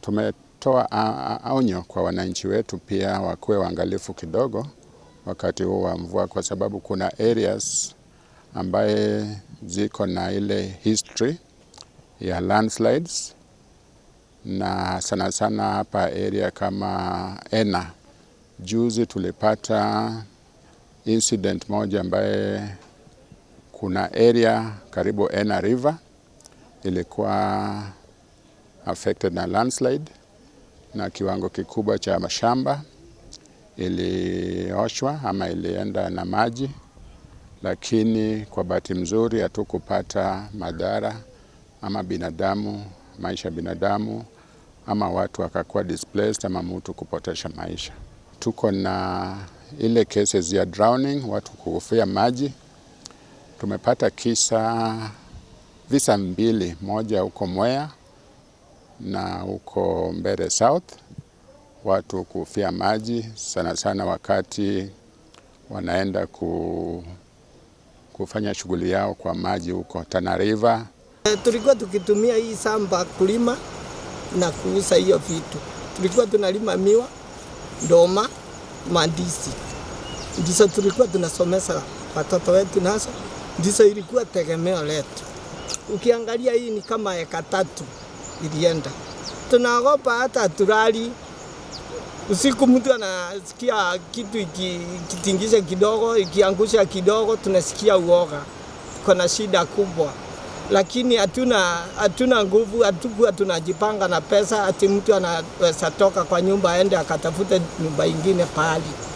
Tumetoa onyo kwa wananchi wetu pia wakuwe waangalifu kidogo wakati huu wa mvua, kwa sababu kuna areas ambaye ziko na ile history ya landslides, na sana sana hapa area kama Ena. Juzi tulipata incident moja ambaye kuna area karibu Ena River ilikuwa affected na landslide na kiwango kikubwa cha mashamba ilioshwa ama ilienda na maji, lakini kwa bahati mzuri hatukupata madhara ama binadamu, maisha ya binadamu ama watu wakakuwa displaced ama mtu kupotesha maisha. Tuko na ile cases ya drowning, watu kuhofia maji. Tumepata kisa visa mbili, moja huko Mwea na huko Mbere South, watu kufia maji sana sana wakati wanaenda ku, kufanya shughuli yao kwa maji huko Tana River. Eh, tulikuwa tukitumia hii samba kulima na kuuza hiyo vitu. Tulikuwa tunalima miwa, ndoma, mandizi, ndizo tulikuwa tunasomesa watoto wetu, nazo ndizo ilikuwa tegemeo letu ukiangalia hii ni kama eka tatu ilienda. Tunaogopa hata tulali usiku, mtu anasikia kitu ikitingisha kidogo, ikiangusha kidogo, tunasikia uoga. Tuko na shida kubwa, lakini hatuna hatuna nguvu, hatukuwa tunajipanga na pesa, ati mtu anaweza toka kwa nyumba aende akatafute nyumba ingine pahali